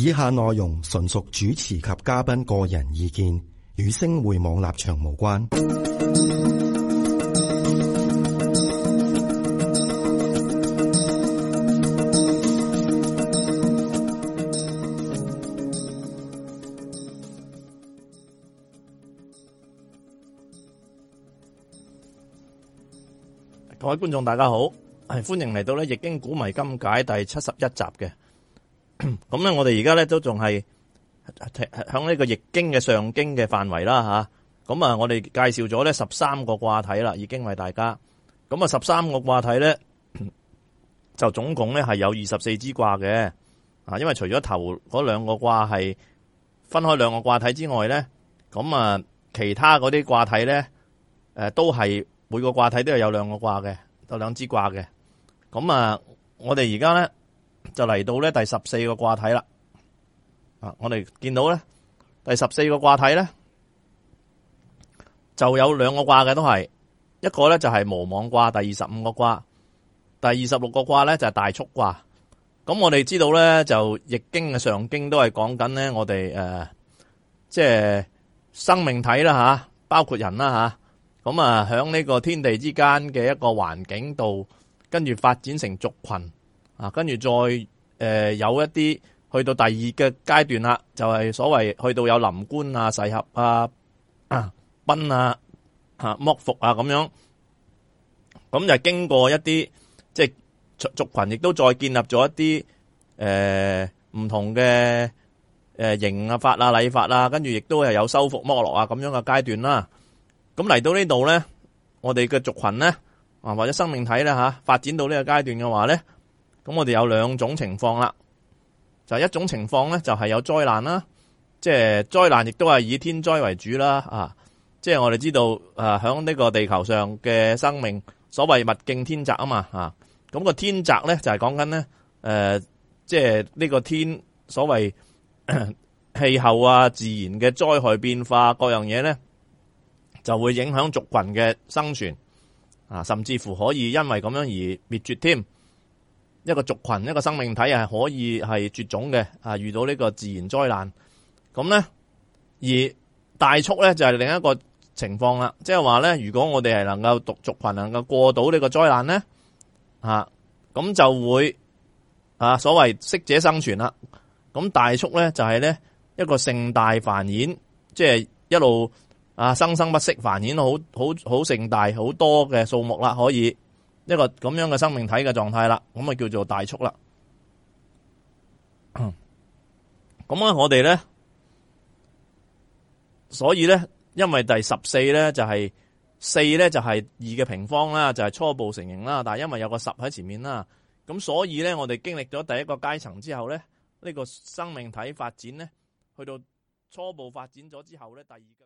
以下內容純屬主持及嘉賓個人意見，與星匯網立場無關。各位觀眾，大家好，係歡迎嚟到咧《易經古謎今解》第七十一集嘅。咁咧， 我哋而家咧都仲係喺呢個易經嘅上經嘅範圍啦，吓咁啊！我哋介紹咗呢十三個卦體啦，已經為大家咁啊！十三個卦體咧，就總共咧係有二十四支卦嘅啊！因為除咗頭嗰兩個卦係分開兩個卦體之外咧，咁啊其他嗰啲卦體咧，誒都係每個卦體都係有兩個卦嘅，有兩支卦嘅。咁啊，我哋而家咧。就嚟到咧第十四個卦體啦，啊，我哋見到咧第十四個卦體咧就有兩個卦嘅，都係一個咧就係無妄卦，第二十五個卦，第二十六個卦咧就係大畜卦。咁我哋知道咧就易經嘅上經都係講緊咧我哋誒即係生命體啦吓，包括人啦吓，咁啊響呢個天地之間嘅一個環境度，跟住發展成族群。啊，跟住再誒、呃、有一啲去到第二嘅階段啦，就係、是、所謂去到有林官啊、細合啊、賓啊、嚇剝服啊咁、啊啊、樣，咁就經過一啲即係族群亦都再建立咗一啲誒唔同嘅誒、呃、刑啊、法啊、禮法啦、啊，跟住亦都係有修復剝落啊咁樣嘅階段啦。咁、啊、嚟到呢度咧，我哋嘅族群咧啊或者生命體呢，啊、發展到個階呢個階段嘅話咧。咁我哋有兩種情況啦，就一種情況咧，就係有災難啦，即係災難，亦都係以天災為主啦。啊，即係我哋知道誒，響呢個地球上嘅生命，所謂物競天擇啊嘛啊，咁個天擇咧就係講緊咧誒，即係呢個天所謂氣候啊，自然嘅災害變化，各樣嘢咧就會影響族群嘅生存啊，甚至乎可以因為咁樣而滅絕添。一個族群，一個生命體係可以係絕種嘅，啊，遇到呢個自然災難，咁呢，而大畜呢，就係另一個情況啦，即係話呢，如果我哋係能夠獨族群能夠過到呢個災難呢，啊咁就會啊，所謂適者生存啦，咁大畜呢，就係呢一個盛大繁衍，即係一路啊，生生不息，繁衍好好好盛大好多嘅數目啦，可以。一個咁樣嘅生命體嘅狀態啦，咁啊叫做大畜啦。咁我哋咧，所以咧，因為第十四咧就係、是、四咧就係、是、二嘅平方啦，就係、是、初步成型啦。但係因為有個十喺前面啦，咁所以咧，我哋經歷咗第一個階層之後咧，呢、這個生命體發展咧，去到初步發展咗之後咧，第二個。